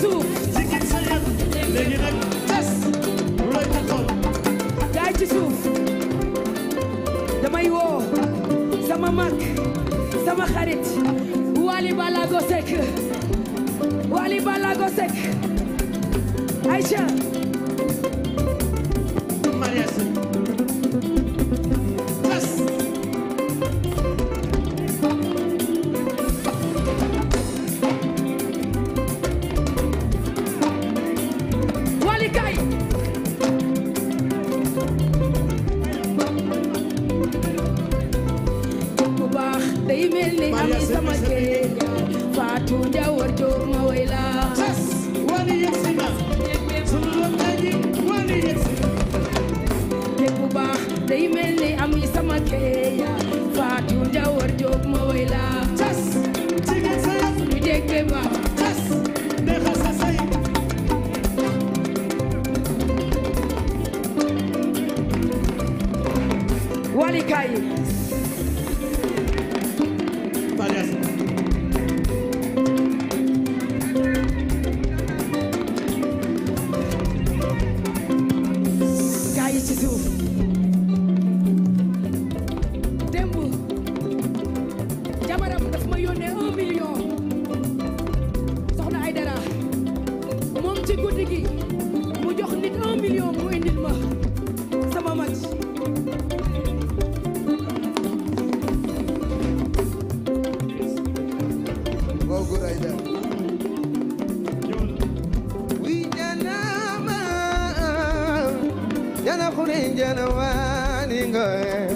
suuf. jigéen sa yar léegi nag tas woo sama mag sama xarit Wally Ballago Seck Wally Ballago Seck Aïcha. ami sama kër faatu jawar joo jana wani ngoe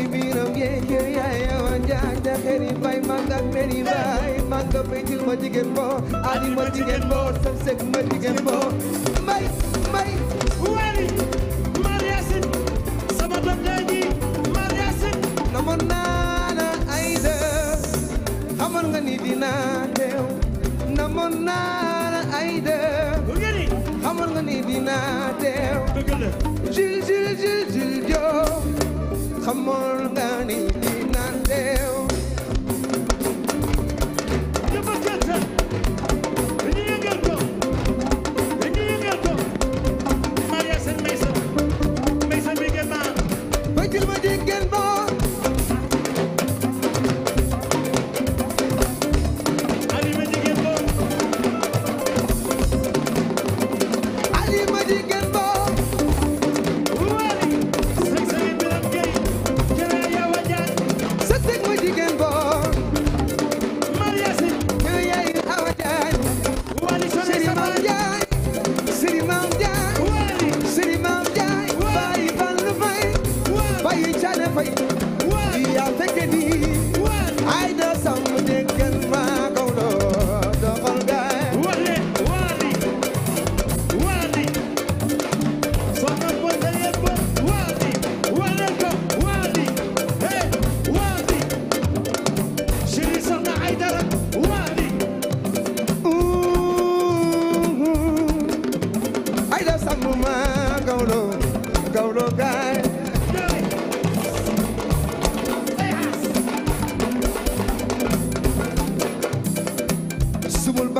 ay biiram yee kër yaay awa njaay jaxeeri bay mag ak meri bay mag a béytil ma jigéen boo ali ma jigéen boo sëg ma jigéen boo mbay mbay wari mariasin sama doom ji mariasin namoon naa la ay de nga ni dinaa teew xamul nga ni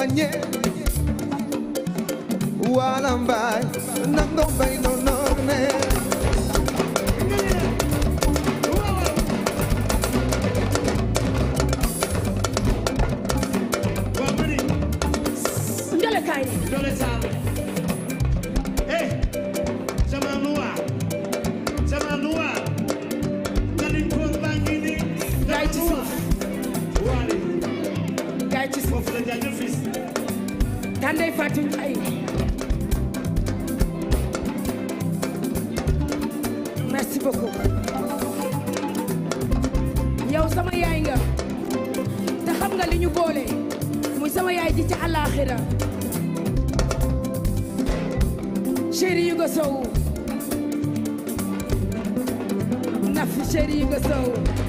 bañe wala mbay nando mbay no norne Dole kay dole sabe Fatou Ndiaye merci beaucoup yow sama yaay nga te nga li ñu boole muy sama yaay ji ci àllaaxira chéri yu nga sow naf chéri yu sow